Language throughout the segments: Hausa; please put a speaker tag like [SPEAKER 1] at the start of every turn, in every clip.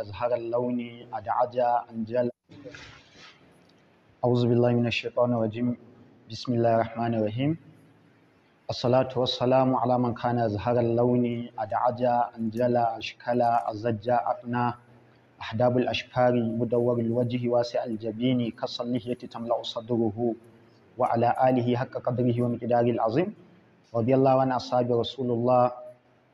[SPEAKER 1] أزهر اللون أدعج أنجل أعوذ بالله من الشيطان الرجيم بسم الله الرحمن الرحيم الصلاة والسلام على من كان أزهر اللون أدعج أنجل أشكل أزج أقنى أحداب الأشفار مدور الوجه واسع الجبين كالصلية تملأ صدره وعلى آله حق قدره ومقداره العظيم رضي الله عن أصحاب رسول الله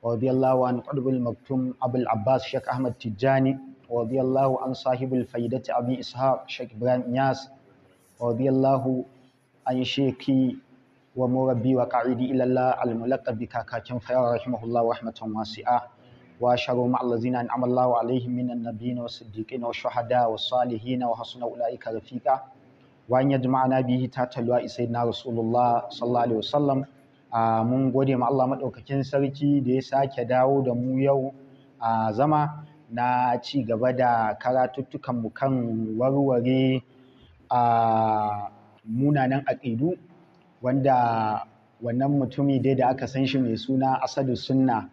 [SPEAKER 1] ورضي الله عن قطب المكتوم أبو العباس شيخ أحمد تجاني ورضي الله عن صاحب الفائدة أبي إسحاق شيخ إبراهيم نياس ورضي الله عن شيخي ومربي وقاعدي إلى الله الملقب بكاكاكم فيا رحمه الله رحمة واسعة وأشهد مع الذين أنعم الله عليهم من النبيين والصديقين والشهداء والصالحين وحسن أولئك رفيقا وأن يجمعنا به تحت لواء سيدنا رسول الله صلى الله عليه وسلم a mun gode ma Allah maɗaukakin sarki da ya sake dawo da mu yau a zama na ci gaba da karatuttukanmu kan warware a munanan aƙidu wanda wannan mutumi dai da aka san shi mai suna asadu sunna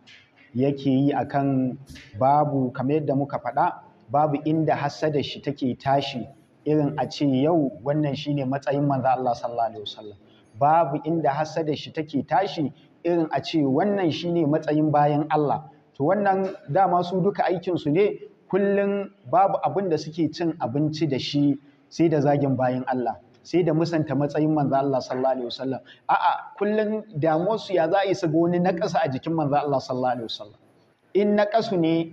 [SPEAKER 1] yake yi akan babu kamar yadda muka faɗa babu inda hassada shi take tashi irin a ce yau wannan shine matsayin manzo Allah sallallahu alaihi wasallam babu inda hassada shi take tashi irin a ce wannan shine matsayin bayan Allah to wannan dama su duka aikinsu ne kullum babu abin da suke cin abinci da shi sai da zagin bayan Allah sai da musanta matsayin manzo Allah sallallahu alaihi wasallam a'a kullum damuwar su ya za a yi su wani na ƙasa a jikin manzo Allah sallallahu alaihi wasallam in na ƙasu ne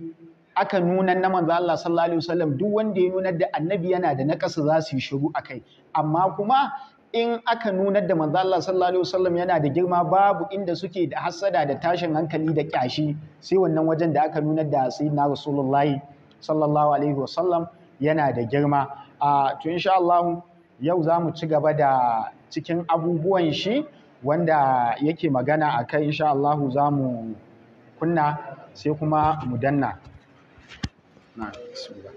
[SPEAKER 1] aka nuna na manzo Allah sallallahu alaihi wasallam duk wanda ya nuna da annabi yana da naƙasa za su yi shiru akai amma kuma in aka nunar da manzo Allah sallallahu alaihi wasallam yana da girma babu inda suke da hasada da tashin hankali da kyashi sai wannan wajen da aka nunar da sayyidina rasulullahi sallallahu alaihi wasallam yana da girma a to insha Allah yau zamu ci gaba da cikin abubuwan shi wanda yake magana a kai insha Allah za mu kunna sai kuma mu danna na bismillah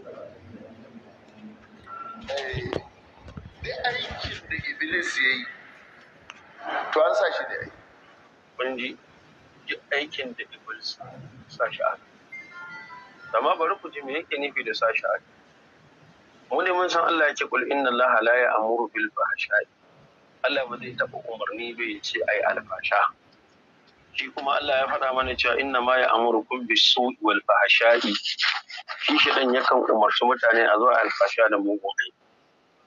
[SPEAKER 1] aikin
[SPEAKER 2] da iblis ya yi to an sa shi da yi kun ji aikin da iblis sa shi a amma bari ku ji me yake nufi da sa shi a mu ne mun san Allah yake kul inna Allah la ya'muru bil fahsha'i Allah ba zai taɓa umarni bai ce ai alfasha shi kuma Allah ya faɗa mana cewa inna ma ya amuru kun bi su'i wal fahsha'i shi shedan yakan umarci mutane a zuwa alfasha da mugun aiki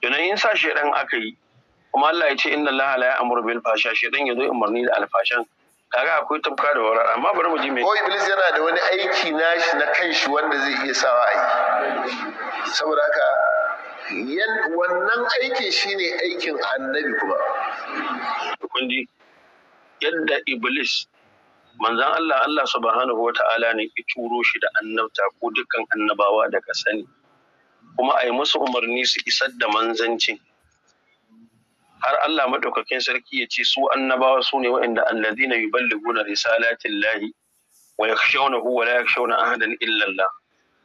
[SPEAKER 2] kenan in sa shedan aka yi kuma Allah ya ce inna Allah la ya'muru bil fasha shedan yazo umarni da alfashan kaga akwai tafka da warara amma bari mu ji me ko iblis yana da wani aiki nashi na kanshi wanda zai iya sawa a yi saboda haka wannan aikin shine aikin annabi kuma kun ji yadda iblis manzan Allah Allah subhanahu wa ta'ala ne ya turo shi da annabta ko dukkan annabawa daga sani kuma a yi musu umarni su isar da manzancin har Allah maɗaukakin sarki ya ce su annabawa su ne waɗanda allazina yuballiguna risalatin lahi wa yakhshawnahu wa la yakhshawna ahadan illa Allah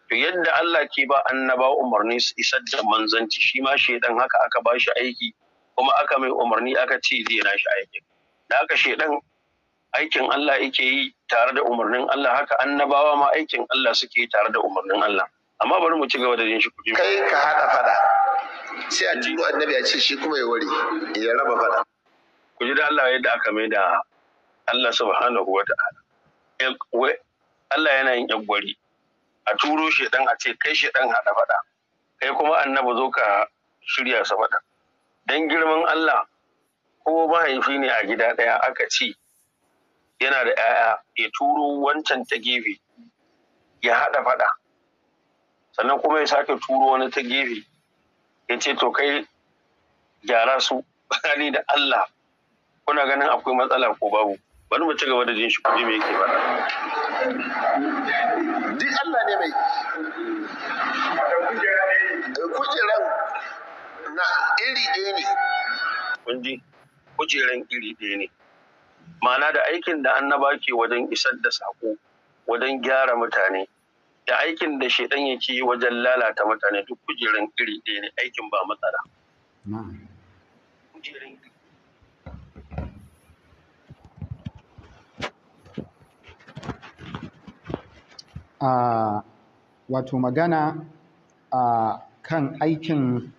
[SPEAKER 2] to yadda Allah ke ba annabawa umarni su isar da manzanci shi ma shedan haka aka ba shi aiki kuma aka mai umarni aka ce zai na shi aikin da haka shedan aikin Allah yake yi tare da umarnin Allah haka annabawa ma aikin Allah suke tare da umarnin Allah amma bari mu ci gaba da yin shi kuɗi kai ka haɗa faɗa sai a turo annabi a ce shi kuma ya ware ya raba faɗa ku ji da Allah yadda aka mai da Allah subhanahu wa ta'ala Allah yana yin yaggwari a turo shi dan a ce kai shi dan haɗa faɗa kai kuma annabi zo ka shirya sa faɗa dan girman Allah ko mahaifi ne a gida ɗaya aka ci yana da 'ya'ya ya turo wancan ta gefe ya haɗa faɗa sannan kuma ya sake turo wani ta gefe ya ce to kai gyara su tsakani da Allah kuna ganin akwai matsala ko babu bari mu ci gaba da jin shi kuje me yake ba. duk Allah ne mai eh, kujeran na iri ɗaya ne kun ji kujeran iri ɗaya ne ma'ana da aikin da annaba ke wajen isar da sako wajen gyara mutane da aikin da shaidan yake yi wajen lalata mutane duk kujerin iri ɗaya ne aikin ba matsala
[SPEAKER 1] wato magana a kan aikin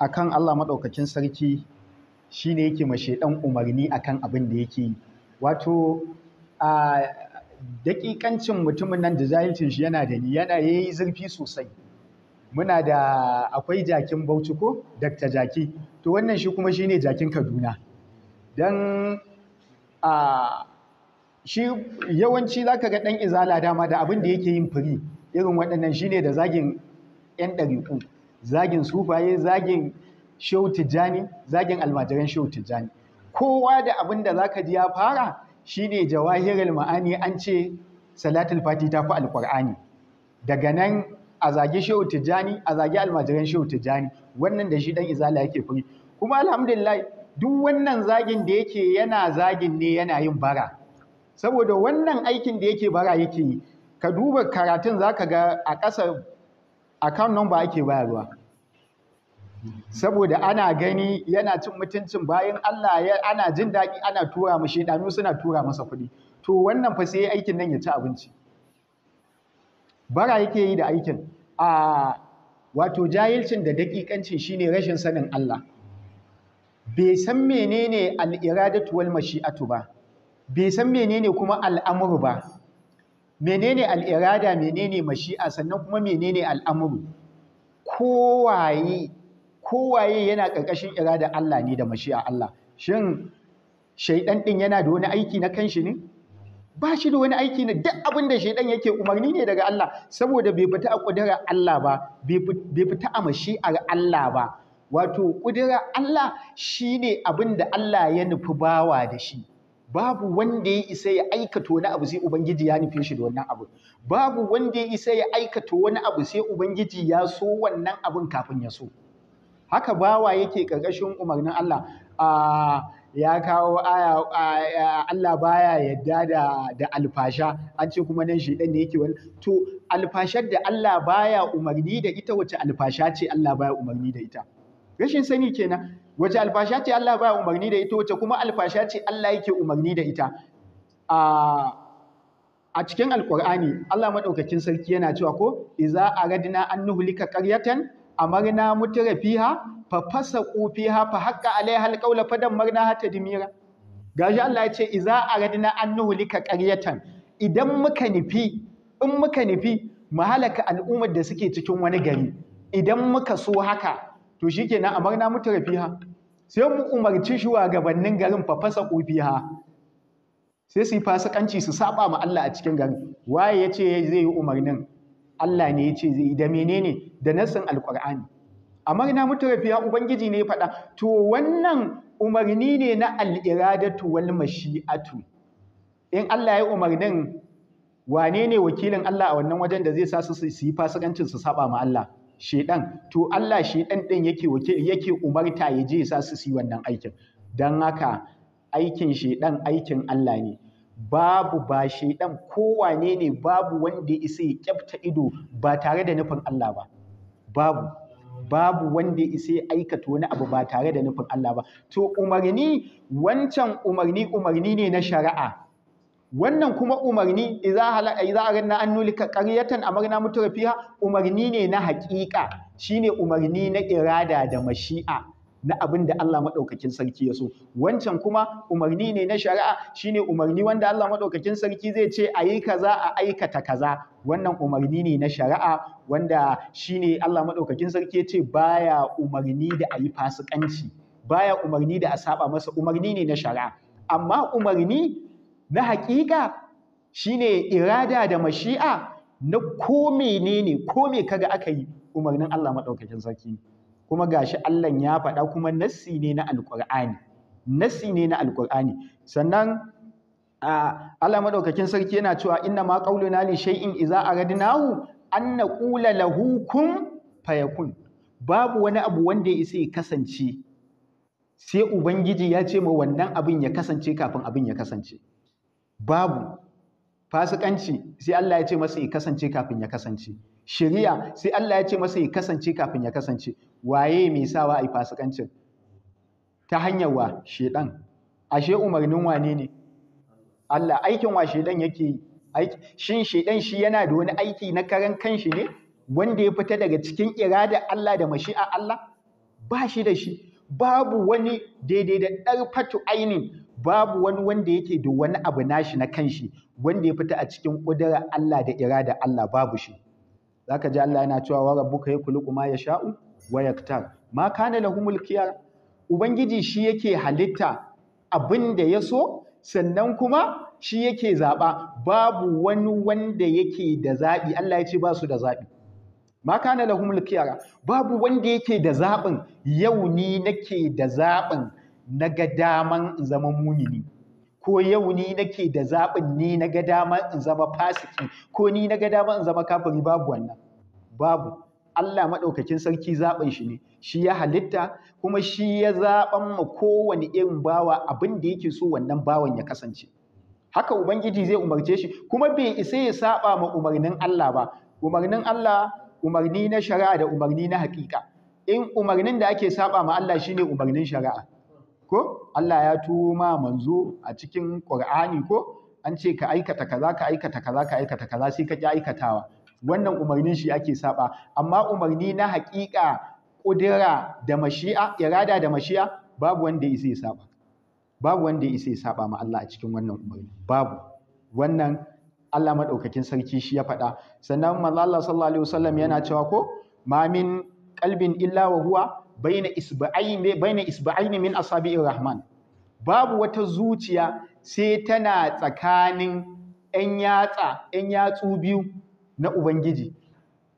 [SPEAKER 1] a kan Allah maɗaukakin sarki shi ne yake mashe ɗan umarni a kan abin da yake yi wato a daƙiƙancin mutumin nan da jahilcin shi yana da ni yana yayi zurfi sosai muna da akwai jakin Bauchi ko Dr. Jaki to wannan shi kuma shine jakin Kaduna dan a shi yawanci zaka ga ɗan izala dama da abin da yake yin firi irin waɗannan shine da zagin yan ɗariƙu zagin sufaye zagin Shehu zagin almajiran Shehu kowa da abin da zaka ji ya fara Shi shine jawahirul ma'ani an ce salatul fati ta fi alqur'ani daga nan a zage shehu tijjani a zage almajiran shehu tijjani wannan da shi dan izala yake furi kuma alhamdulillah duk wannan zagin da yake yana zagin ne yana yin bara saboda wannan aikin da yake bara yake yi ka duba karatun zaka ga a ƙasa account number ake bayarwa saboda ana gani yana cin mutuncin bayan Allah ana jin daɗi ana tura mu shaidanu suna tura masa kuɗi to wannan fa sai aikin nan ya ci abinci bara yake yi da aikin a wato jahilcin da daƙiƙancin shine rashin sanin Allah bai san menene al-iradatu wal mashi'atu ba bai san menene kuma al'amuru ba menene al'irada menene mashi'a sannan kuma menene al'amuru kowaye kowaye yana ƙarƙashin irada Allah ne da mashi'a Allah shin shaidan ɗin yana da wani aiki na kanshi ne ba shi da wani aiki na duk abin da shaidan yake umarni ne daga Allah saboda bai fita a ƙudurar Allah ba bai fita a mashi'ar Allah ba wato ƙudurar Allah shine abin da Allah ya nufi bawa da shi babu wanda ya isa ya aikata wani abu sai ubangiji ya nufi shi da wannan abu babu wanda ya isa ya aikata wani abu sai ubangiji ya so wannan abin kafin ya so haka bawa yake ƙarƙashin umarnin Allah ya kawo aya Allah baya yadda da da alfasha an ce kuma nan shedan ne yake wani to alfashar da Allah baya umarni da ita wace alfasha ce Allah baya umarni da ita rashin sani kenan wace alfasha ce Allah baya umarni da ita wace kuma alfasha ce Allah yake umarni da ita a cikin alkur'ani Allah madaukakin sarki yana cewa ko iza aradna an nuhlika qaryatan amarna mutura fiha fa fasaqu fiha fa haqqa alaiha alqawla fa marna hatta dimira gashi Allah ya ce iza aradna an nuhlika qaryatan idan muka nufi in muka nufi mu halaka al'ummar da suke cikin wani gari idan muka so haka to shikenan amarna mutura fiha sai mu umarci shugabannin garin fa fasaqu fiha sai su yi fasikanci su saba ma Allah a cikin garin waye yace zai yi umarnin Allah ne ya ce zai yi da menene da nassin alkur'ani amma ina mutu rafiya ubangiji ne faɗa to wannan umarni ne na al'iradatu wal mashi'atu in Allah ya umarnin wane ne wakilin Allah a wannan wajen da zai sa su su yi fasikancin su saba ma Allah shedan to Allah shedan din yake yake umarta ya je ya sa su su yi wannan aikin dan haka aikin shedan aikin Allah ne babu ba shaidan kowane ne babu wanda ya isa ya kyafta ido ba tare da nufin Allah ba babu babu wanda ya isa ya aikata wani abu ba tare da nufin Allah ba to umarni wancan umarni umarni ne na shari'a wannan kuma umarni idza hala idza aranna an nulika qaryatan amarna mutrafiha umarni ne na haƙiƙa shine umarni na irada da mashi'a na abin da Allah maɗaukakin sarki ya so wancan kuma umarni ne na shari'a shine umarni wanda Allah maɗaukakin sarki zai ce a yi kaza a aikata kaza wannan umarni ne na shari'a wanda shine Allah maɗaukakin sarki ya ce baya umarni da a yi fasikanci baya umarni da a saba masa umarni ne na shari'a amma umarni na haƙiƙa shine irada da mashi'a na ko menene ko me kaga aka yi umarnin Allah maɗaukakin sarki kuma gashi Allah ya faɗa kuma nassi ne na alƙur'ani nassi ne na alƙur'ani sannan Allah madaukakin sarki yana cewa inna ma qauluna li shay'in idza aradnahu an naqula lahu kun fayakun babu wani abu wanda ya isa ya kasance sai ubangiji ya ce ma wannan abin ya kasance kafin abin ya kasance babu fasikanci sai Allah ya ce masa ya kasance kafin ya kasance Shiriya eh. sai Allah ya ce masa ya kasance kafin ya kasance waye mai sawa a yi fasikancin ta hanyar wa shedan ashe umarnin wane ne Allah aikin wa shedan yake yi shin shedan shi yana da wani aiki na karan kanshi ne wanda ya fita daga cikin iradar Allah da mashi'a Allah ba shi da shi babu wani daidai da fatu ainin babu wani wanda yake da wani abu nashi na kanshi wanda ya fita a cikin ƙudurar Allah da iradar Allah babu shi zaka ji Allah yana cewa wa rabbuka yakhluqu ma yasha'u wa yaktar ma kana lahumul khiyar ubangiji shi yake halitta abin da ya so sannan kuma shi yake zaɓa babu wani wanda yake da zabi Allah ya ce ba su da zaɓi ma kana lahumul khiyar babu wanda yake da zaɓin yau ni nake da zaɓin na ga daman zaman mumini ko yau ni nake da zaɓin ni na ga dama in zama fasiki ko ni na ga dama in zama kafiri babu wannan babu Allah maɗaukakin sarki zaɓin shi ne shi ya halitta kuma shi ya zaɓan mu kowane irin bawa abin da yake so wannan bawan ya kasance haka ubangiji zai umarce shi kuma bai isa ya saba ma umarnin Allah ba umarnin Allah umarni na shari'a da umarni na haƙiƙa in umarnin da ake saba ma Allah shine umarnin shari'a ko Allah ya tuwo ma manzo a cikin Qur'ani ko an ce ka aikata kaza ka aikata kaza ka aikata kaza sai ka ki aikatawa wannan umarnin shi ake saba amma umarni na haƙiƙa ƙudira da mashi'a irada da mashi'a babu wanda isa ya saba babu wanda isa ya saba ma Allah a cikin wannan umarni babu wannan Allah madaukakin sarki shi ya faɗa sannan manzo Allah sallallahu alaihi wasallam yana cewa ko ma min qalbin illa wa huwa baina isba'aini baina isba'aini min asabi'ir rahman babu wata zuciya sai tana tsakanin 'yan yatsa ɗan yatsu biyu na ubangiji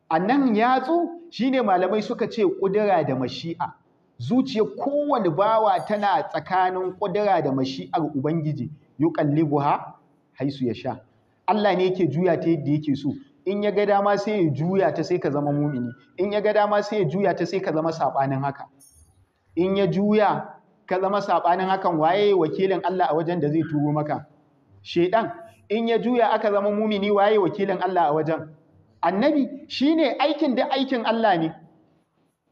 [SPEAKER 1] annan yatsu shine malamai suka ce kudura da mashi'a Zuciya kowane bawa tana tsakanin kudura da mashi'ar ubangiji yuqallibuha haisu sha. Allah ne yake juya ta yadda yake so in ya ga dama sai ya juya ta sai ka zama mumini in ya ga dama sai ya juya ta sai ka zama sabanin haka in ya juya ka zama sabanin hakan waye wakilin Allah a wajen da zai turo maka shedan in ya juya aka zama mumini waye wakilin Allah a wajen annabi shine aikin da aikin Allah ne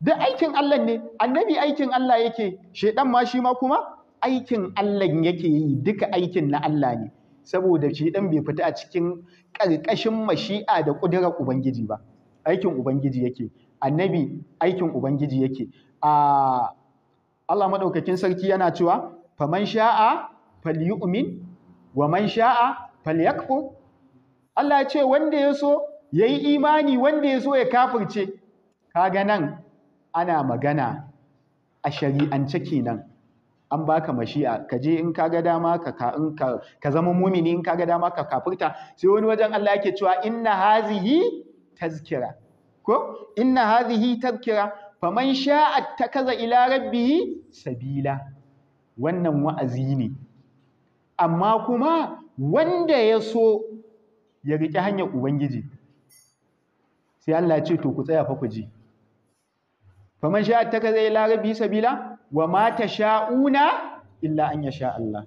[SPEAKER 1] da aikin Allah ne annabi aikin Allah yake shedan ma shi ma kuma aikin Allah yake yi duka aikin na Allah ne saboda shi ɗan bai fita a cikin ƙarƙashin mashi'a da ƙudurar ubangiji ba aikin ubangiji yake annabi aikin ubangiji yake a Allah maɗaukakin sarki yana cewa faman sha'a falyu'min wa man sha'a falyakfur Allah ya ce wanda ya so yayi imani wanda ya so ya kafirce kaga nan ana magana a shari'ance kenan an baka mashi'a ka je in ka ga dama ka ka in ka ka zama mumini in ka ga dama ka kafirta sai wani wajen Allah yake cewa inna hazihi tazkira ko inna hazihi tazkira faman sha'a takaza ila rabbihi sabila wannan wa'azi ne amma kuma wanda ya so ya riƙe hanyar ubangiji sai Allah ya ce to ku tsaya fa ku ji faman sha'a takaza ila rabbihi sabila wa ma tasha'una illa an yasha Allah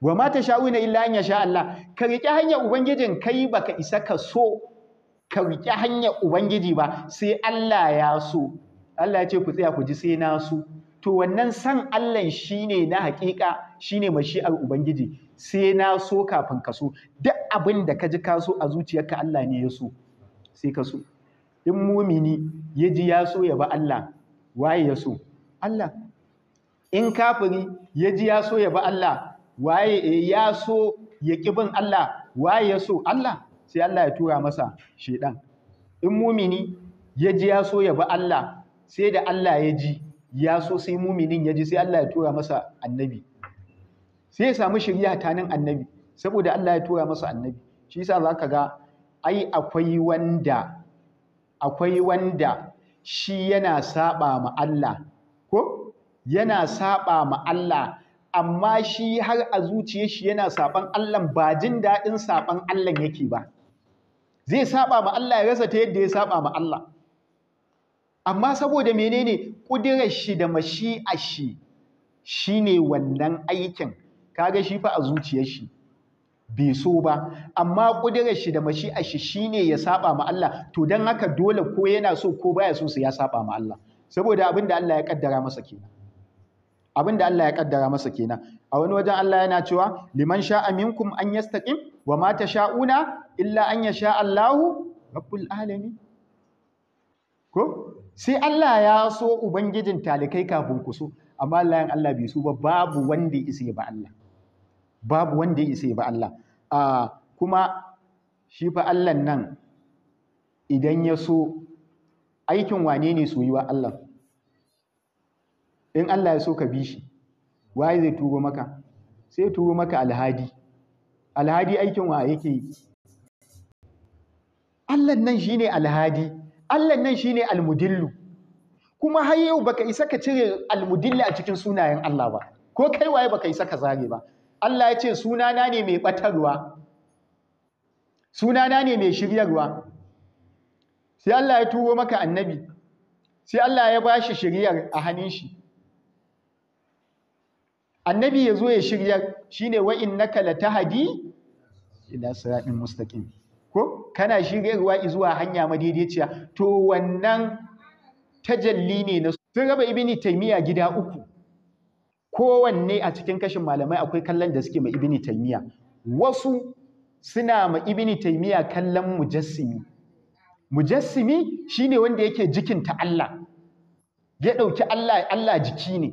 [SPEAKER 1] wa ma tasha'una illa an yasha Allah ka riƙe hanyar ubangijin kai baka isa ka so ka riƙe hanyar ubangiji ba sai Allah ya so Allah ya ce ku tsaya ku ji sai na so to wannan san Allah shine na haƙiƙa shine mashi'ar ubangiji sai na so kafin ka so duk abin da ka ji ka so a zuciyarka Allah ne ya so sai ka so in mumini ya ji ya so ya ba Allah waye ya so Allah in kafiri ya ji ya so ya bi Allah waye eh, ya so ya kibin Allah waye ya so Allah sai Allah ya tura masa shedan in mumini ya ji ya so ya bi Allah sai da Allah ya ji ya so sai muminin ya ji sai Allah ya tura masa annabi sai ya samu shirya tanin annabi saboda Allah ya tura masa annabi shi yasa zaka ga ai akwai wanda akwai wanda shi yana saba ma Allah ko yana saba ma Allah amma shi har a zuciyar shi yana saban Allah ba jin daɗin saban Allah yake ba zai saba ma Allah ya rasa ta yadda ya saba ma Allah amma saboda menene kudirar shi da mashiashi shi shine wannan aikin kaga shi fa a zuciyar shi bai so ba amma kudirar shi da a shi shine ya saba ma Allah to dan haka dole ko yana so ko baya so su ya saba ma Allah saboda abin da Allah ya kaddara masa kenan abin da Allah ya kaddara masa kenan a wani wajen Allah yana cewa liman sha'a minkum an yastaqim wa ma tasha'una illa an yasha Allahu rabbul alamin ko sai Allah ya so ubangijin talikai kafin ku so amma Allah yan Allah bai so ba babu wanda ya isa ba Allah babu wanda ya isa ba Allah a kuma shi fa Allah nan idan ya so aikin wane ne soyuwa Allah in Allah ya so ka bi shi waye zai turo maka sai turo maka alhadi alhadi aikin wa yake yi Allah nan shine alhadi Allah nan shine almudillu kuma har yau baka isa ka cire almudillu a cikin sunayen Allah ba ko kai waye baka isa ka zage ba Allah ya ce sunana ne mai batarwa sunana ne mai shiryarwa sai Allah ya turo maka annabi sai Allah ya ba shi shiryar a hannun shi annabi ya zo ya shirya shine wa innaka hadi ila siratin mustaƙin ko kana shiryarwa zuwa hanya madaidaiciya to wannan tajalli ne na sun raba ibini taimiyya gida uku kowanne a cikin kashin malamai akwai kallon da suke ma ibini wasu suna ma ibini kallon mujassimi mujassimi shine wanda yake jikinta Allah ya ɗauki Allah Allah jiki ne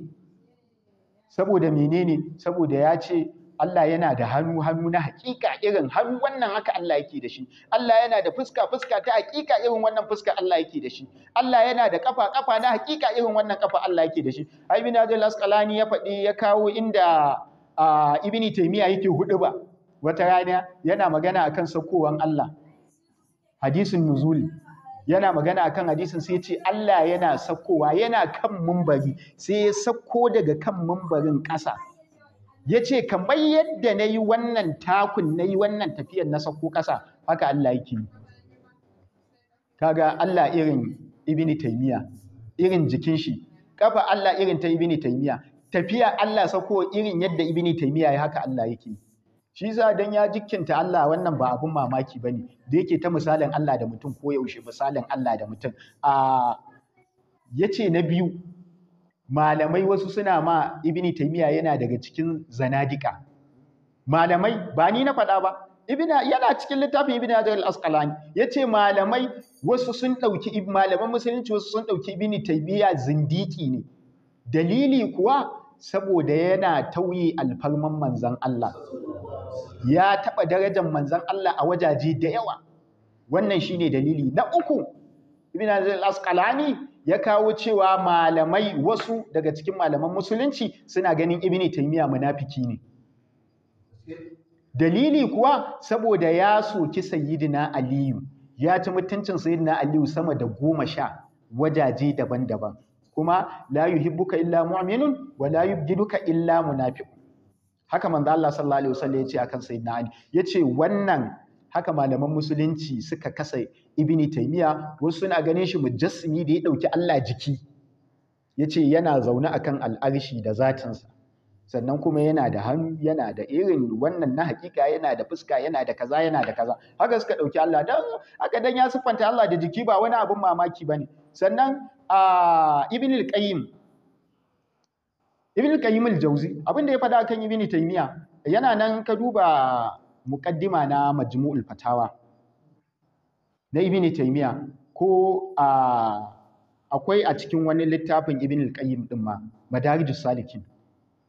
[SPEAKER 1] saboda menene saboda ya ce Allah yana da hannu hannu na hakika irin hannu wannan haka Allah yake da shi Allah yana da fuska fuska ta hakika irin wannan fuska Allah yake da shi Allah yana da kafa kafa na hakika irin wannan kafa Allah yake da shi Ibn Hajar Asqalani ya faɗi ya kawo inda Ibn Taymiyyah yake hudu ba wata rana yana magana akan sakowan Allah hadisin nuzuli yana magana akan hadisin sai ya ce Allah yana sakkowa yana kan mumbari sai ya sakko daga kan mumbarin ƙasa ya ce kamar yadda na yi wannan takun na yi wannan tafiyar na sakko ƙasa haka Allah yake yi kaga Allah irin ibni taymiya irin jikin shi kafa Allah irin ta ibni taymiya tafiya Allah sako irin yadda ibni taymiya ya haka Allah yake yi shi za dan ya jikkinta Allah wannan ba abun mamaki ba ne, da yake ta misalin Allah da mutum ko yaushe misalin Allah da mutum a yace na biyu malamai wasu suna ma ibni taimiya yana daga cikin zanadika malamai ba ni na faɗa ba ibina yana cikin littafin ibina al ya yace malamai wasu sun ɗauki malaman musulunci wasu sun dauki ibni taimiya zindiki ne dalili kuwa saboda yana tauye alfalman manzan Allah ya taɓa darajar manzan Allah a wajaje da yawa wannan shine dalili na uku ibn al-asqalani ya kawo cewa malamai wasu daga cikin malaman musulunci suna ganin ibn taymiya munafiki ne dalili kuwa saboda ya soki sayyidina aliyu ya ci mutuncin sayyidina aliyu sama da goma sha wajaje daban-daban kuma la yuhibbuka illa mu'minun wa la yubghiduka illa munafiqun haka manzo Allah sallallahu alaihi wasallam yace akan sayyidina Ali ce wannan haka malaman musulunci suka kasa ibni taymiya wasu suna ganin shi mujassimi da ya dauki Allah jiki yace yana zaune akan al'arshi da zatinsa sannan kuma yana da hannu yana da irin wannan na hakika yana da fuska yana da kaza yana da kaza haka suka dauki Allah dan haka dan ya siffanta Allah da jiki ba wani abun mamaki bane sannan a ah, ibn qayyim ibn qayyim al-jawzi abin da ya faɗa kan ibn taymiya yana nan ka duba muqaddima na majmu'ul fatawa na ibn taymiya ko a akwai a cikin wani littafin ibn al-qayyim din ma madarijus salikin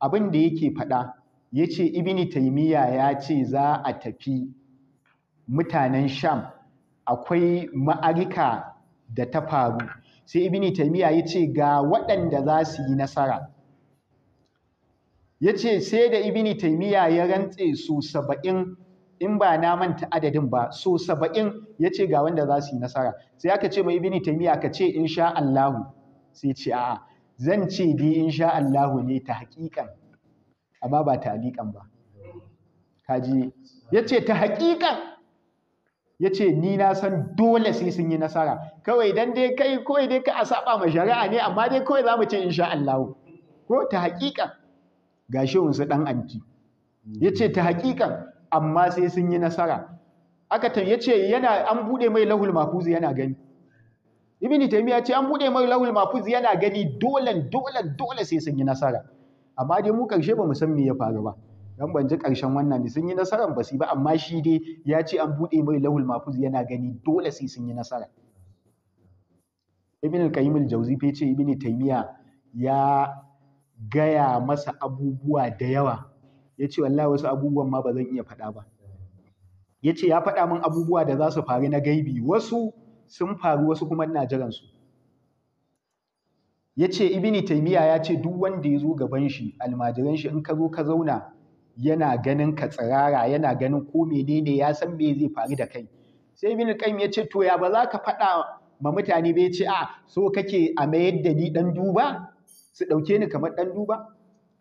[SPEAKER 1] abin da yake faɗa yace ibn taymiya ya ce za a tafi mutanen sham akwai ma'arika da ta faru sai ibn taymiya yace ga waɗanda za su yi nasara ya ce sai da ibini taimiyya ya rantse su saba'in in ba na manta adadin ba so saba'in ya ce ga wanda za su yi nasara sai aka ce mai ibini taimiyya ka ce in sha Allahu sai ce a'a zan ce dai in sha Allahu ne ta haƙiƙan amma ba ta haƙiƙan ba kaji ya ce ta haƙiƙan ya ce ni na san dole sai sun yi nasara kawai dan dai kai kawai dai ka a saba ma shari'a ne amma dai kawai za mu ce in sha Allah ko ta haƙiƙan ga shehunsu ɗan anti ya ce ta haƙiƙan amma sai sun yi nasara aka ta ya ce yana an buɗe mai lahul mafuz yana gani ibn taymiya ce an buɗe mai lahul mafuz yana gani dole dolen dole sai sun yi nasara amma dai mu karshe ba mu san me ya faru ba dan ban ji karshen wannan ne sun yi nasaran ba su ba amma shi dai ya ce an buɗe mai lahul mafuz yana gani dole sai sun yi nasara ibn al-qayyim al-jawzi ce ibn taymiya ya gaya masa abubuwa da yawa ya ce wallahi wasu abubuwan ma ba zan iya faɗa ba ya ce ya faɗa min abubuwa da za su faru na gaibi wasu sun faru wasu kuma ina jiransu ya ce ibini taimiya ya ce duk wanda ya zo gaban shi almajiran shi in ka zo ka zauna yana ganin ka tsirara yana ganin ko menene ya san me zai faru da kai sai ibini kaim ya ce to ya ba za ka faɗa ma mutane bai ce a so kake a mayar da ni dan duba su ɗauke ni kamar ɗan duba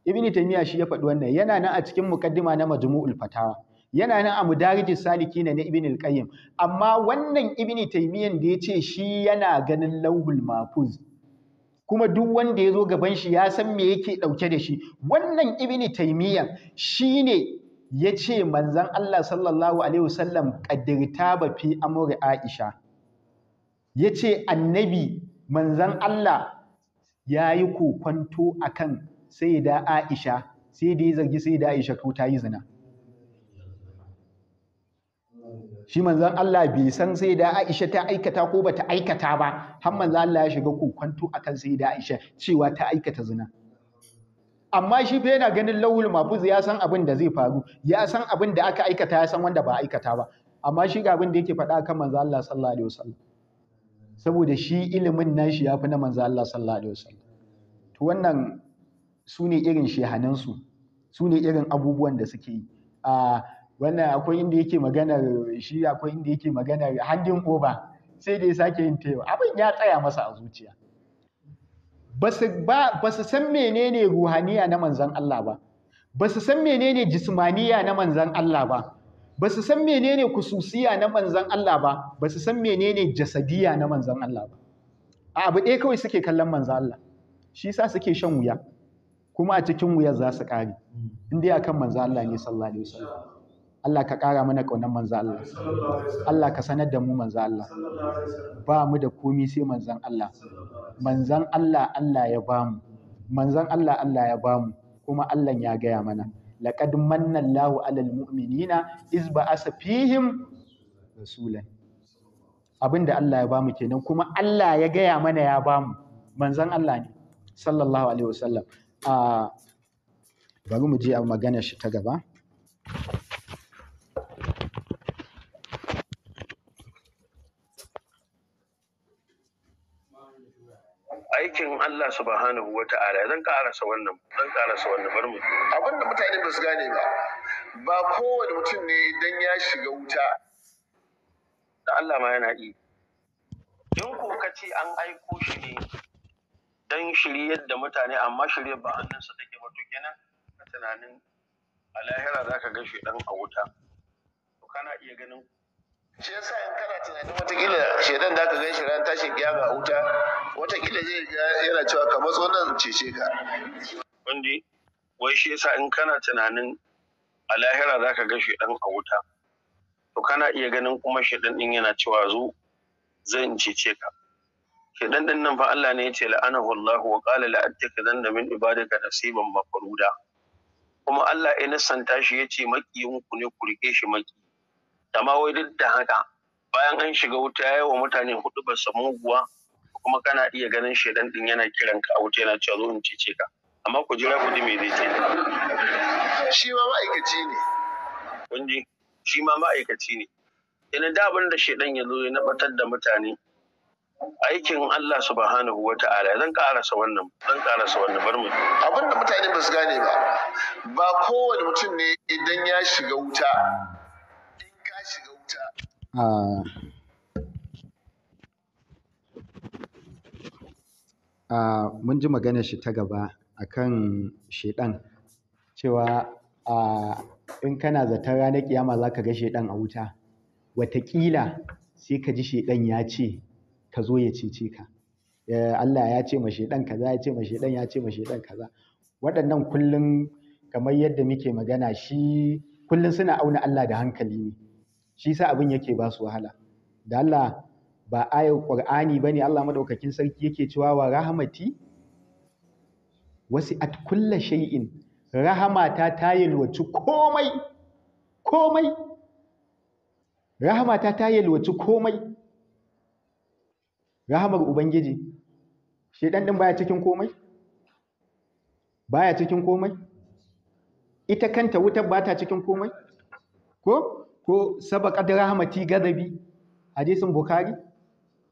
[SPEAKER 1] ibn taymiya shi ya faɗi wannan yana nan a cikin muqaddima na majmu'ul fatawa yana nan a mudarijis salikin na ibn al-qayyim amma wannan ibn taymiyan da yace shi yana ganin lawhul mahfuz kuma duk wanda ya zo gaban shi ya san me yake ɗauke da shi wannan ibn taymiyan shine ya ce manzan Allah sallallahu alaihi wasallam kaddirta ba fi amuri Aisha yace annabi manzan Allah ya yi kokwanto a kan sai da Aisha sai da ya zargi sai da Aisha ko ta yi zina. Shi manzan Allah bai san sai da Aisha ta aikata ko bata aikata ba, har manzan Allah ya shiga kokwanto a kan sai da Aisha cewa ta aikata zina. Amma shi fa yana ganin lawul mafuz ya san abin da zai faru, ya san abin da aka aikata ya san wanda ba aikata ba. Amma shi ga abin da yake faɗa kan manzan Allah sallallahu alaihi wasallam. saboda shi ilimin nashi ya fi na manzo Allah sallallahu alaihi wasallam to wannan su ne irin shehanansu su ne irin abubuwan da suke yi a wannan akwai inda yake magana shi akwai inda yake magana handin over sai dai sake yin tewa abin ya tsaya masa a zuciya ba su san menene ruhaniya na manzan Allah ba ba su san menene jismaniya na manzan Allah ba ba su san menene kususiya na manzan Allah ba ba su san menene jasadiya na manzan Allah ba a abu ɗaya kawai suke kallon manzan Allah shi sa suke shan wuya kuma a cikin wuyar za su ƙare in dai akan manzan Allah ne sallallahu alaihi wasallam Allah ka ƙara mana ƙaunar manzan Allah Allah ka sanar da mu manzan Allah ba mu da komi sai manzan Allah manzan Allah Allah ya bamu manzan Allah Allah ya bamu kuma Allah ya gaya mana laqad manna Allahu 'alal mu'minina iz ba'asa fihim abin abinda Allah ya bamu kenan kuma Allah ya gaya mana ya bamu manzon Allah ne sallallahu alaihi wasallam a bari mu je a magana shi ta gaba
[SPEAKER 2] Allah subhanahu wa ta'ala zan karasa wannan zan karasa wannan bar mu abin da mutane ba su gane ba ba kowane mutum ne dan ya shiga wuta da Allah ma yana yi in ko ka ce an aiko shi ne dan shiryar da mutane amma shiryar ba hannunsa take ba to kenan a tunanin a lahira za ka ga shi dan a wuta to kana iya ganin shi yasa in kana tunanin watakila shedan da aka gan shi ran tashin kiyama ga wuta watakila zai ga yana cewa ka matso nan cece ka kundi wai shi yasa in kana tunanin a lahira za ka ga shedan a wuta to kana iya ganin kuma shedan din yana cewa zo zan cece ka shedan din nan fa Allah ne ya ce la'anahu Allah wa qala la'attakidanna min ibadika nasiban mafruda kuma Allah ya nisanta shi ya ce makiyin ku ne ku rike shi maki amma wai duk da haka bayan an shiga wuta ya yi wa mutane hudu ba su muguwa kuma kana iya ganin shaidan din yana kiran ka a wuta yana cewa zo in cece ka amma ku jira ku ji me zai ce shi ma ma'aikaci ne kun ji shi ma ma'aikaci ne ina da abin da shaidan ya zo ya nabatar da mutane aikin Allah subhanahu wa ta'ala zan karasa wannan zan karasa wannan bar mu abin da mutane ba su gane ba ba kowane mutum ne idan ya shiga wuta
[SPEAKER 1] mun ji maganar shi ta gaba a kan shedan cewa in kana zaton ranar kiyama za ka ga shedan a wuta wataƙila sai ka ji shedan ya ce ka zo ya cece ka eh, Allah ya ce ma shedan kaza ya ce ma shedan ya ce ma shedan kaza waɗannan kullum kamar yadda muke magana shi kullum suna auna Allah da hankali ne shi sa abin yake ba su wahala da Allah ba ayar Qur'ani bane Allah madaukakin sarki yake cewa wa rahmati wasi at kulla shay'in rahamata ta yalwaci komai komai rahamata ta yalwaci komai rahamar ubangiji shedan din baya cikin komai baya cikin komai ita kanta wutar ba ta cikin komai ko ko sabaqat rahmati gadabi hadisin bukhari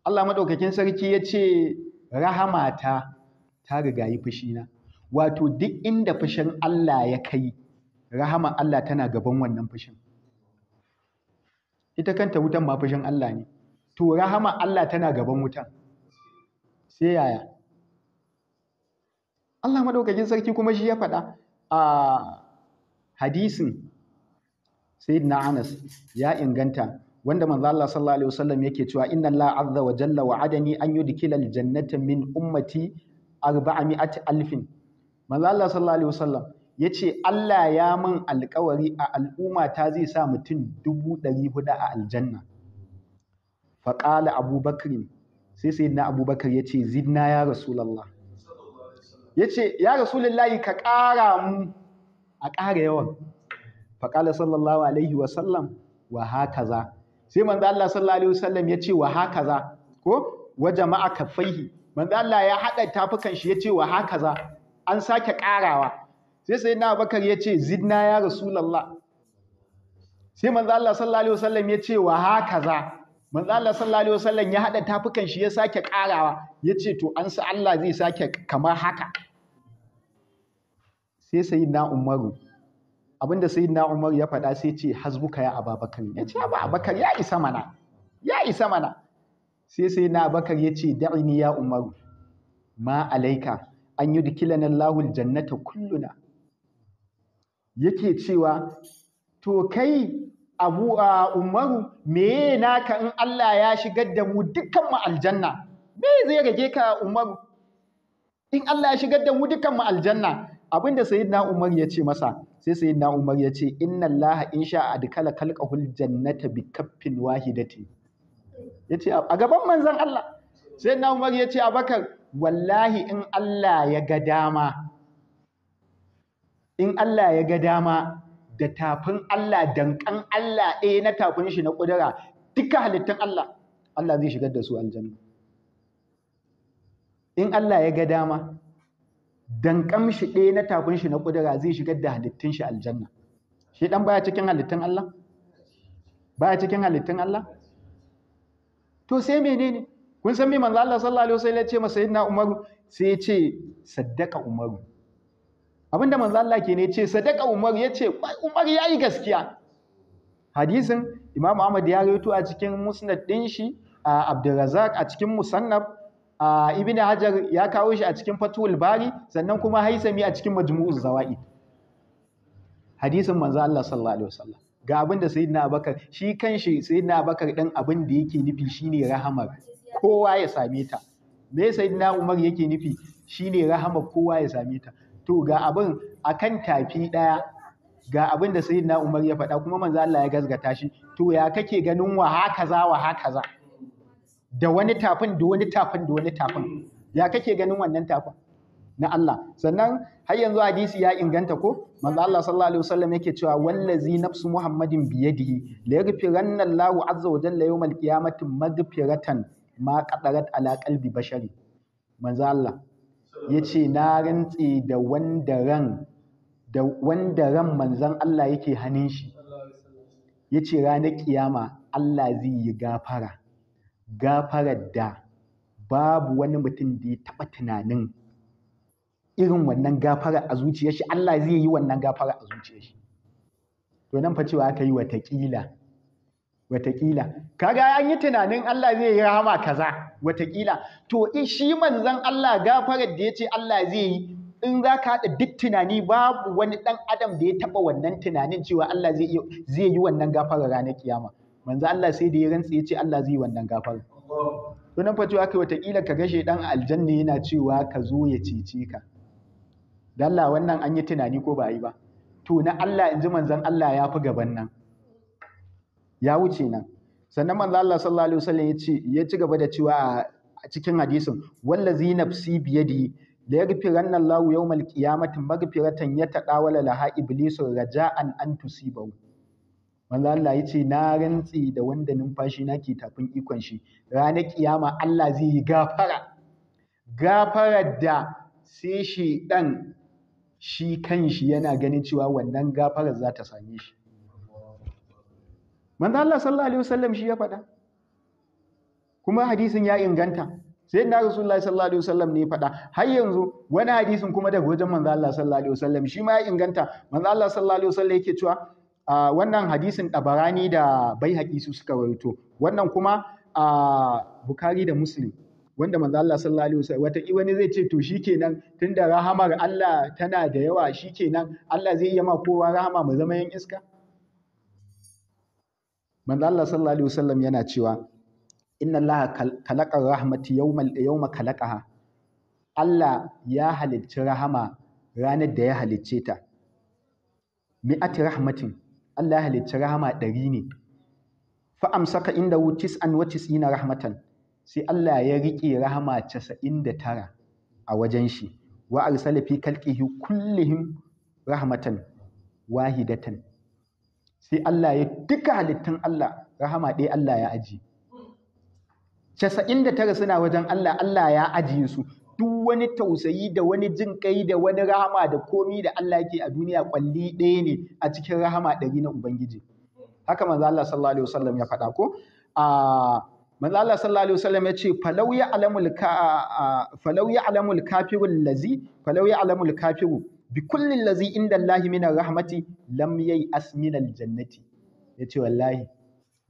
[SPEAKER 1] Allah madaukakin sarki ya ce rahamata ta fushi na. wato duk inda fushin Allah ya kai rahama Allah tana gaban wannan fushin ita kanta wutan ma fushin Allah ne to rahama Allah tana gaban wutan sai yaya Allah madaukakin sarki kuma shi ya faɗa a hadisin sayyidina Anas ya inganta wanda manzo Allah sallallahu alaihi wasallam yake cewa inna Allah azza wa jalla wa'adani an yudkhilal jannata min ummati arba'ami'ati alfin manzo Allah sallallahu alaihi wasallam yace Allah ya min alƙawari a al'umma ta zai sa mutum dubu ɗari a aljanna qala abubakar sai sai sayyidina abubakar Bakr yace zidna ya rasulullah ya ya rasulullahi ka ƙara mu a ƙara yawan faƙala sallallahu alaihi wa sallam wa hakaza sai manzo Allah sallallahu alaihi sallam ya ce wa hakaza ko wa jama'a kaffaihi manzo Allah ya hada tafukan shi ya ce wa hakaza an sake karawa sai na Abubakar ya ce zidna ya rasulullah sai manzo Allah sallallahu alaihi sallam ya ce wa hakaza manzo Allah sallallahu alaihi wa sallam ya hada tafukan shi ya sake karawa ya ce to an sa Allah zai sake kamar haka sai sayyidina Umaru abinda sayyidina Umar ya faɗa sai ce hasbuka ya Ababakar ya ce Ababakar ya isa mana ya isa mana sai sai na Abubakar ya ce da'ini ya Umar ma alaika an yi yudkilana lahul jannata kulluna yake cewa to kai Abu Umaru me naka in Allah ya shigar da mu dukkan aljanna me zai rage ka Umaru in Allah ya shigar da mu dukkan mu aljanna abinda sayyidina Umar ya ce masa sai sayyidina Umar ya ce inna Allah in sha adkala khalqahul jannata bi kaffin wahidatin yace a gaban manzon Allah sayyidina Umar ya ce Abakar wallahi in Allah ya ga dama in Allah ya ga dama da tafin Allah dankan Allah eh na tafin shi na kudura duka halittun Allah Allah zai shigar da su aljanna in Allah ya ga dama dan shi ɗaya na takun shi na kudura zai shigar da halittun shi aljanna shi dan baya cikin halittun Allah baya cikin halittun Allah to sai menene kun san me manzo Allah sallallahu alaihi wasallam ya ce masa sayyidina Umaru sai ya ce saddaka Umaru abinda manzo Allah ke ne ya ce saddaka Umaru ya ce Umaru yayi gaskiya hadisin Imam Ahmad ya rawaito a cikin Musnad din shi a Abdurrazzaq a cikin Musannab ibn hajar ya kawo shi a cikin fatul bari sannan kuma haisami a cikin majmu'uz Zawa'i hadisin manzo Allah sallallahu alaihi wasallam ga abin da sayyidina abakar shi kanshi sayyidina abakar din abin da yake nufi shine rahamar kowa ya same ta me sayyidina umar yake nufi shine rahamar kowa ya same ta to ga abin akan tafi daya ga abin da sayyidina umar ya faɗa kuma manzo Allah ya gazgata shi to ya kake ganin wa haka za, wa haka za? da wani tafin da wani tafin da wani tafin ya kake ganin wannan tafin na Allah sannan har yanzu hadisi ya inganta ko manzo Allah sallallahu alaihi wasallam yake cewa wallazi nafsu muhammadin biyadihi la yaghfiranna Allahu azza wa jalla yawmal qiyamati maghfiratan ma qadarat ala qalbi bashari manzo Allah yace na rantsi da wanda ran da wanda ran manzon Allah yake hanin shi yace ranar kiyama Allah zai yi gafara gafarar da babu wani mutum da ya taɓa tunanin irin wannan gafarar a zuciyar shi Allah zai yi wannan gafarar a zuciyar shi to nan fa cewa aka yi watakila watakila kaga an yi tunanin Allah zai yi rahama kaza watakila to eh, shi manzon Allah gafarar da yace Allah zai yi in za ka haɗa duk tunani babu wani ɗan adam da ya taɓa wannan tunanin cewa Allah zai yi wannan gafarar ranar kiyama manzo Allah sai da ya rantsi ya ce Allah zai wannan gafara to nan fa cewa kai ka gashe dan aljanna yana cewa ka zo ya cece ka dalla wannan an yi tunani ko ba yi ba to na Allah in ji manzon Allah ya fi gaban nan ya wuce nan sannan manzo Allah sallallahu alaihi wasallam ya ce ya ci gaba da cewa a cikin hadisin wallazi nafsi biyadi la yaghfiran Allah yawmal qiyamati maghfiratan yatadawala laha iblisu raja'an an tusibahu manzo Allah ya ce na rantsi da wanda numfashi na ke tafin ikon shi ranar kiyama Allah zai yi gafara gafarar da sai shi dan shi kanshi yana ganin cewa wannan gafarar za ta same shi manzo Allah sallallahu alaihi wasallam shi ya faɗa kuma hadisin ya inganta sai na rasulullahi sallallahu alaihi wasallam ne faɗa har yanzu wani hadisin kuma daga wajen manzo Allah sallallahu alaihi wasallam shi ma ya inganta manzo Allah sallallahu alaihi wasallam yake cewa Uh, wannan hadisin ɗabarani da bai su suka rawaito wannan kuma a uh, bukari da muslim wanda manzo Allah sallallahu alaihi wasallam wata wani zai ce to shikenan tunda rahamar Allah tana da yawa shikenan Allah zai iya ma kowa rahama mu zama yan iska manzo Allah sallallahu alaihi wasallam yana cewa inna Allah kalaqa rahmati yawmal yawma kalaqaha Allah ya halicci rahama ranar da ya halicce ta mi'ati rahmatin Allah ya halicci rahama ɗari ne fa amsaka inda wutis tis'an wa tis'ina rahmatan sai Allah ya riƙe rahama casa'in da tara a wajen shi wa arsala fi kalqihi kullihim rahmatan wahidatan sai Allah ya duka halittun Allah rahama ɗaya Allah ya aji casa'in da tara suna wajen Allah Allah ya aji su duk wani tausayi da wani jin kai da wani rahama da komi da Allah yake a duniya kwalli ɗaya ne a cikin rahama ɗari na Ubangiji. Haka manzo Allah sallallahu alaihi wasallam ya faɗa ko? A manzo Allah sallallahu alaihi wasallam ya ce falau ya alamul ka falau ya alamul kafirul lazi falau ya alamul kafiru bi kulli lazi inda Allah min rahmati lam yai asminal jannati. Yace wallahi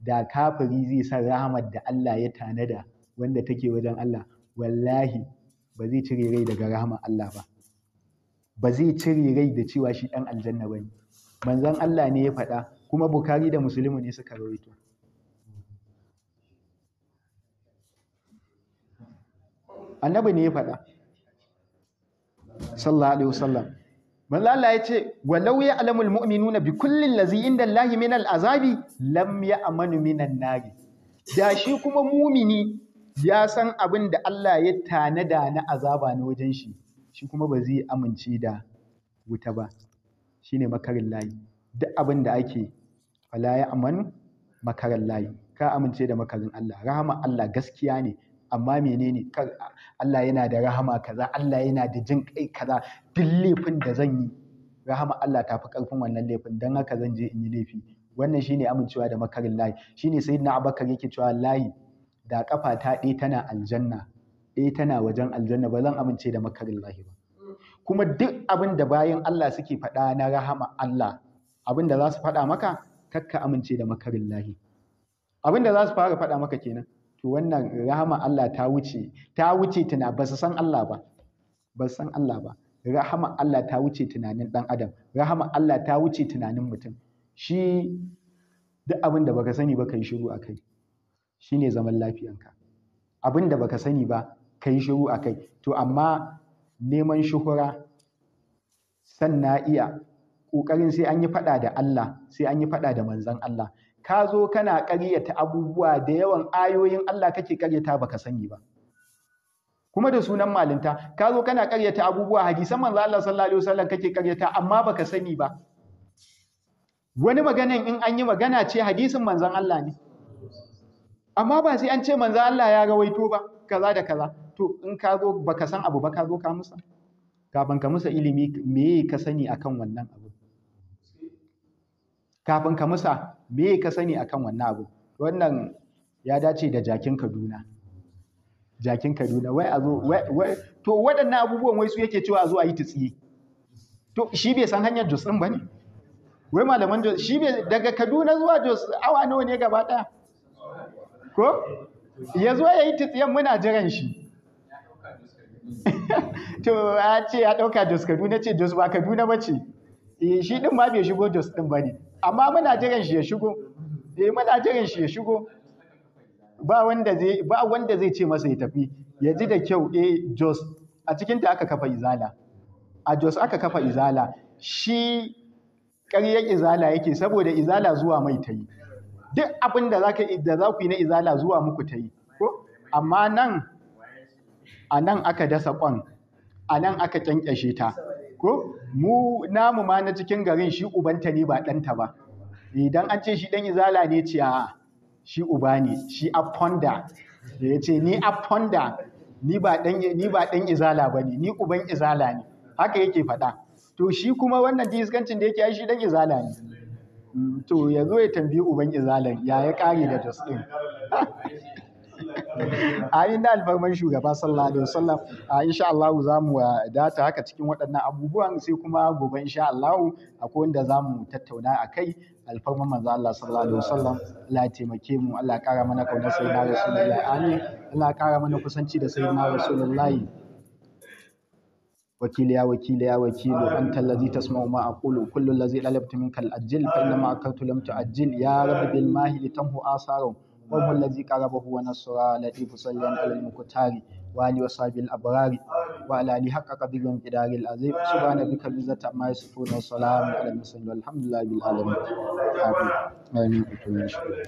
[SPEAKER 1] da kafiri zai san rahamar da Allah ya tanada wanda take wajen Allah wallahi ba zai cire rai daga rahaman Allah ba ba zai cire rai da cewa shi ɗan aljanna ba ne manzon Allah ne ya faɗa kuma Bukhari da Musulmi ne suka rawaito annabi ne ya faɗa sallallahu alaihi wasallam manzo Allah ya ce walau ya alamul mu'minuna bi kullin lazi inda Allah min al azabi lam ya amanu minan nari da shi kuma mumini ya san abin da Allah ya tanada na azaba na wajen shi shi kuma ba zai amince da wuta ba Shi ne makarin layi duk abin da ake falaye a manu, makarin layi ka amince da makarin Allah rahama Allah gaskiya ne amma menene kar Allah yana da rahama kaza Allah yana da jin kai kaza duk laifin da zan yi rahama Allah ta fi karfin wannan laifin Don haka zan je in yi laifi wannan shi ne amincewa da makarin layi Shi ne shine na Abakar yake cewa layi da kafa ta ɗaya tana aljanna ɗaya tana wajen aljanna ba zan amince da makarin lahi ba kuma duk abin da bayan Allah suke faɗa na rahama Allah abin da za su faɗa maka kakka amince da makarin lahi abin da za su fara faɗa maka kenan to wannan rahama Allah ta wuce ta wuce tana ba su san Allah ba ba su san Allah ba rahama Allah ta wuce tunanin dan adam rahama Allah ta wuce tunanin mutum shi duk abin da baka sani ba kai shiru akai shine zaman lafiyanka abin da baka sani ba ka yi shiru a kai to amma neman shuhura sanna iya ƙoƙarin sai an yi faɗa da Allah sai an yi faɗa da manzon Allah ka zo kana ƙaryata abubuwa da yawan ayoyin Allah kake ƙaryata baka sani ba kuma da sunan malinta ka zo kana ƙaryata abubuwa hadisan manzo Allah sallallahu alaihi wasallam kake ƙaryata amma baka sani ba wani maganan in an yi magana ce hadisin manzon Allah ne amma ba sai an ce manzo Allah ya rawaito ba kaza da kaza to in ka zo baka san abu ba ka zo ka musa kafin ka musa ilimi me ka sani akan wannan abu kafin ka musa me ka sani akan wannan abu wannan ya dace da jakin Kaduna jakin Kaduna wai a zo wai to waɗannan abubuwan wai su yake cewa a zo a yi tsiye to shi bai san hanyar Jos din bane wai malaman Jos shi bai daga Kaduna zuwa Jos awa nawa ne gaba ɗaya ko ya zo ya yi tsiyan muna jiran shi to a ce ya ɗauka jos kaduna ce jos ba kaduna ba ce eh, shi ɗin ma bai shigo jos ɗin ba ne amma muna jiran shi ya shigo eh muna jiran shi ya shigo ba wanda zai ba wanda zai ce masa ya tafi ya ji da kyau eh jos a cikin ta aka kafa izala a jos aka kafa izala shi ƙaryar izala yake saboda izala zuwa mai ta yi duk abin da za ku yi na izala zuwa muku ta yi ko amma nan a nan aka dasa kwan a nan aka kyankyashe ta ko mu namu ma na cikin garin shi ubanta ne ba ɗanta ba idan an ce shi ɗan izala ne ce a shi uba ne shi afonda da ya ce ni afonda ni ba ɗan izala ba ne ni uban izala ne haka yake faɗa to shi kuma wannan diskancin da yake shi ɗan izala ne To ya zo ya tambayi uban izalan ya ya kare da jos ɗin. a yi na alfarman shugaba sallallahu alaihi wasallam a insha Allah za mu uh, data haka cikin waɗannan abubuwan sai kuma gobe insha Allah akwai wanda za mu tattauna a kai alfarman manzo Allah sallallahu alaihi wasallam Allah ya taimake mu Allah ya kara mana kaunar sayyidina Rasulullahi amin Allah ya kara mana kusanci da sayyidina Rasulullahi وكيليا وكيليا وكيل أنت الذي تسمع ما أقول كل الذي طلبت منك الأجل فإنما أكرت لم تأجل يا رب بالماهل تمه آثاره وهو الذي قربه ونصره لطيف صليا على المكتار وآله وصحبه الأبرار وعلى آله حق قدر قدار العظيم سبحان ربك رب العزة عما يصفون وسلام على المرسلين والحمد لله بالعالمين
[SPEAKER 2] آمين